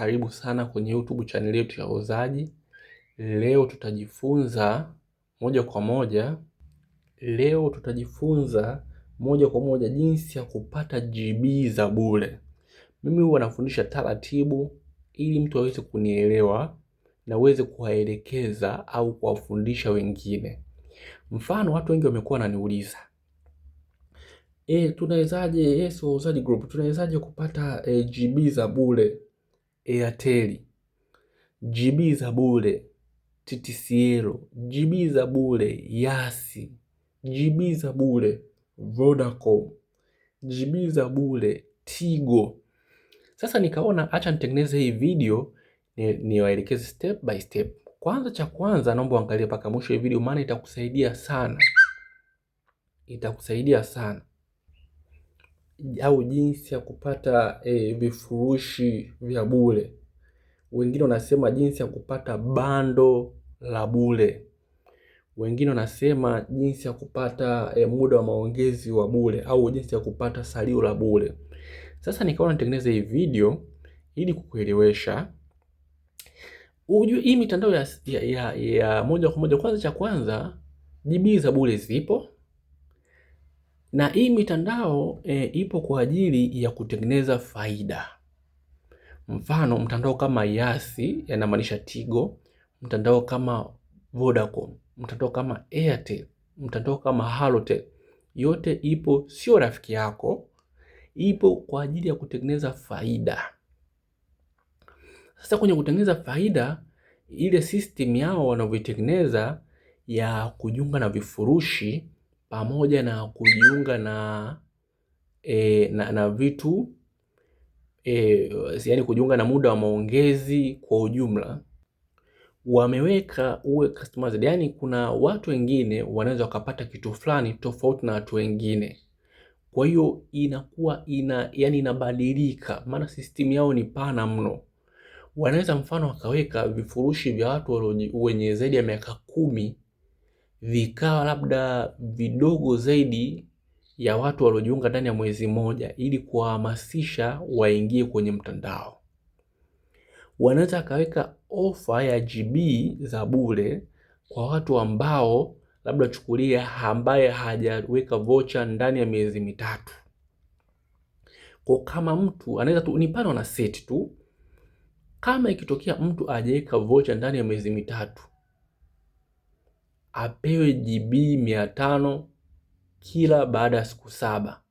Karibu sana kwenye YouTube channel yetu ya Wauzaji. Leo tutajifunza moja kwa moja, leo tutajifunza moja kwa moja jinsi ya kupata GB za bure. Mimi huwa nafundisha taratibu ili mtu aweze kunielewa na uweze kuwaelekeza au kuwafundisha wengine. Mfano, watu wengi wamekuwa wananiuliza e, tunawezaje, yes eh, Wauzaji Group, tunawezaje kupata e, eh, GB za bure? Airtel, GB za bure, TTCL, GB za bure, Yasi, GB za bure, Vodacom, GB za bure, Tigo. Sasa nikaona acha nitengeneze hii video niwaelekeze ni step by step. Kwanza cha kwanza naomba uangalie mpaka mwisho hii video, maana itakusaidia sana, itakusaidia sana au jinsi ya kupata e, vifurushi vya bure. Wengine wanasema jinsi ya kupata bando la bure. Wengine wanasema jinsi ya kupata e, muda wa maongezi wa bure au jinsi ya kupata salio la bure. Sasa nikaona nitengeneze hii video ili kukuelewesha ujue hii mitandao ya, ya, ya, ya moja kwa moja. Kwanza cha kwanza, jibii za bure zipo na hii mitandao e, ipo kwa ajili ya kutengeneza faida. Mfano mtandao kama Yasi yanamaanisha Tigo, mtandao kama Vodacom, mtandao kama Airtel, mtandao kama Halotel, yote ipo, sio rafiki yako, ipo kwa ajili ya kutengeneza faida. Sasa kwenye kutengeneza faida, ile system yao wanavyotengeneza ya kujiunga na vifurushi pamoja na kujiunga na, e, na, na vitu e, yani kujiunga na muda wa maongezi kwa ujumla wameweka uwe customized, Yani kuna watu wengine wanaweza wakapata kitu fulani tofauti na watu wengine, kwa hiyo inakuwa ina yani inabadilika, maana system yao ni pana mno. Wanaweza mfano wakaweka vifurushi vya watu wenye zaidi ya miaka kumi vikawa labda vidogo zaidi ya watu waliojiunga ndani ya mwezi mmoja, ili kuwahamasisha waingie kwenye mtandao. Wanaweza akaweka ofa ya GB za bure kwa watu ambao labda chukulia, ambaye hajaweka vocha ndani ya miezi mitatu. Kwa kama mtu anaweza tu, ni pale set tu, kama ikitokea mtu ajaweka vocha ndani ya miezi mitatu apewe GB mia tano kila baada ya siku saba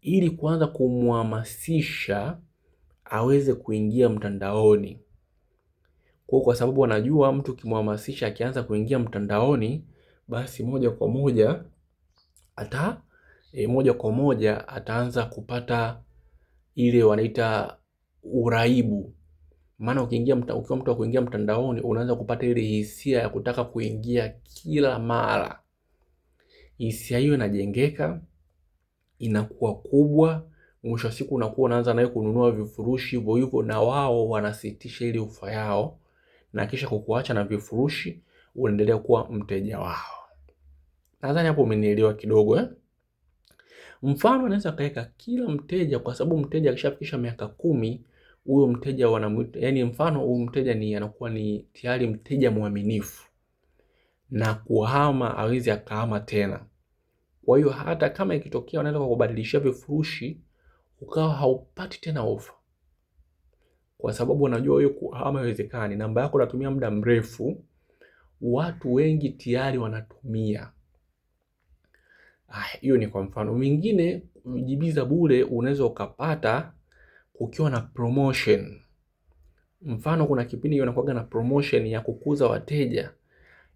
ili kuanza kumhamasisha aweze kuingia mtandaoni kwa, kwa sababu wanajua mtu ukimhamasisha akianza kuingia mtandaoni basi moja kwa moja ata e, moja kwa moja ataanza kupata ile wanaita uraibu maana ukiingia mta, ukiwa mtu wa kuingia mtandaoni unaanza kupata ile hisia ya kutaka kuingia kila mara. Hisia hiyo inajengeka, inakuwa kubwa, mwisho wa siku unakuwa unaanza nayo kununua vifurushi hivyo hivyo, na wao wanasitisha ile ofa yao na kisha kukuacha na vifurushi, unaendelea kuwa mteja wao. Nadhani hapo umenielewa kidogo eh? Mfano anaweza akaweka kila mteja, kwa sababu mteja akishafikisha miaka kumi huyo mteja wanamuita, yani mfano huyo mteja ni anakuwa ni tayari mteja mwaminifu na kuhama awezi akahama tena. Kwa hiyo hata kama ikitokea wanaweza kukubadilishia vifurushi ukawa haupati tena ofa, kwa sababu wanajua hiyo kuhama haiwezekani. Namba yako unatumia muda mrefu, watu wengi tayari wanatumia hiyo. Ah, ni kwa mfano mwingine. Jibiza bure unaweza ukapata kukiwa na promotion. Mfano, kuna kipindi unakuwaga na promotion ya kukuza wateja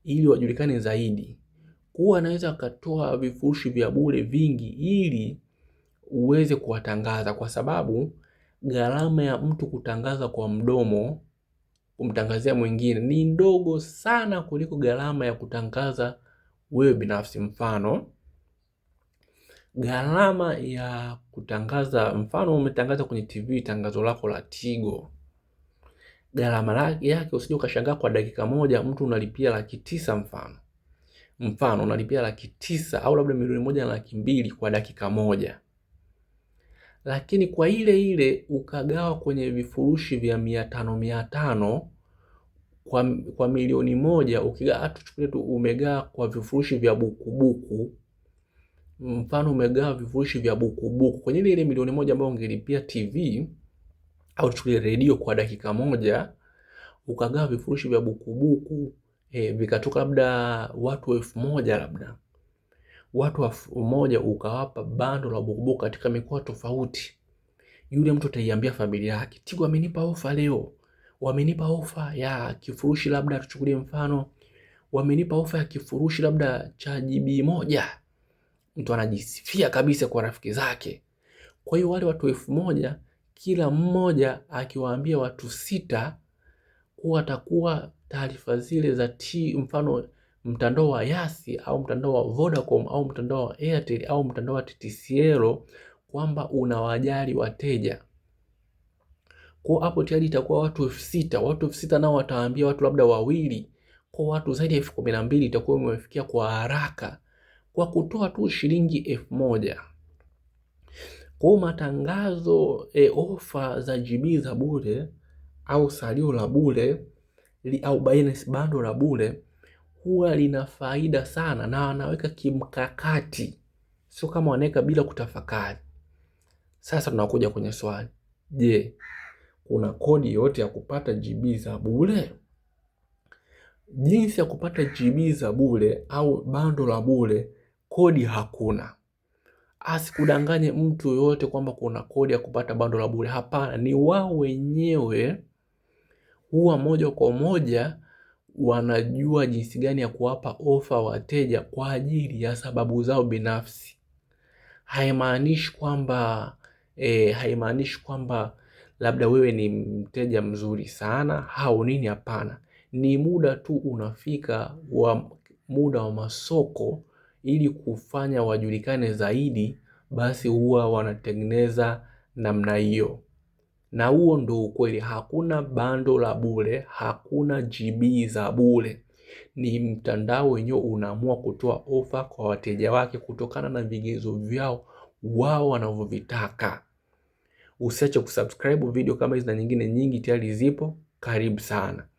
ili wajulikane zaidi, kuwa anaweza akatoa vifurushi vya bure vingi ili uweze kuwatangaza, kwa sababu gharama ya mtu kutangaza kwa mdomo kumtangazia mwingine ni ndogo sana kuliko gharama ya kutangaza wewe binafsi mfano gharama ya kutangaza, mfano umetangaza kwenye TV tangazo lako la Tigo, gharama yake usije ukashangaa kwa dakika moja mtu unalipia laki tisa mfano mfano unalipia laki tisa au labda milioni moja na laki mbili kwa dakika moja, lakini kwa ile ile ukagawa kwenye vifurushi vya mia tano mia tano kwa, kwa milioni moja ukigaa, tuchukulie tu umegaa kwa vifurushi vya bukubuku mfano umegawa vifurushi vya bukubuku kwenye ile milioni moja ambayo ungelipia TV au tuchukulie redio kwa dakika moja, ukagawa vifurushi vya bukubuku e, vikatoka labda watu elfu moja labda watu elfu moja ukawapa bando la bukubuku katika mikoa tofauti, yule mtu ataiambia familia yake, Tigo amenipa ofa leo, wamenipa ofa ya kifurushi labda, tuchukulie mfano, wamenipa ofa ya kifurushi labda cha GB moja mtu anajisifia kabisa kwa rafiki zake. Kwa hiyo wale watu elfu moja kila mmoja akiwaambia watu sita kuwa atakuwa taarifa zile za T, mfano mtandao wa Yasi au mtandao wa Vodacom au mtandao wa Airtel au mtandao wa TTCL kwamba unawajali wateja. Kwa hapo tayari itakuwa watu elfu sita. Watu elfu sita nao wataambia watu labda wawili, kwa watu zaidi ya elfu kumi na mbili itakuwa imefikia kwa haraka kwa kutoa tu shilingi elfu moja. Kwa matangazo e, ofa za GB za bure au salio la bure au Binance bando la bure huwa lina faida sana, na wanaweka kimkakati, sio kama wanaweka bila kutafakari. Sasa tunakuja kwenye swali, je, kuna kodi yoyote ya kupata GB za bure? Jinsi ya kupata GB za bure au bando la bure kodi hakuna. Asikudanganye mtu yoyote kwamba kuna kodi ya kupata bando la bure. Hapana, ni wao wenyewe huwa moja kwa moja wanajua jinsi gani ya kuwapa ofa wateja kwa ajili ya sababu zao binafsi. Haimaanishi kwamba e, haimaanishi kwamba labda wewe ni mteja mzuri sana au nini. Hapana, ni muda tu unafika wa muda wa masoko ili kufanya wajulikane zaidi, basi huwa wanatengeneza namna hiyo. Na huo ndo ukweli, hakuna bando la bure, hakuna GB za bure. Ni mtandao wenyewe unaamua kutoa ofa kwa wateja wake kutokana na vigezo vyao wao wanavyovitaka. Usiache kusubscribe video kama hizi na nyingine nyingi tayari zipo. Karibu sana.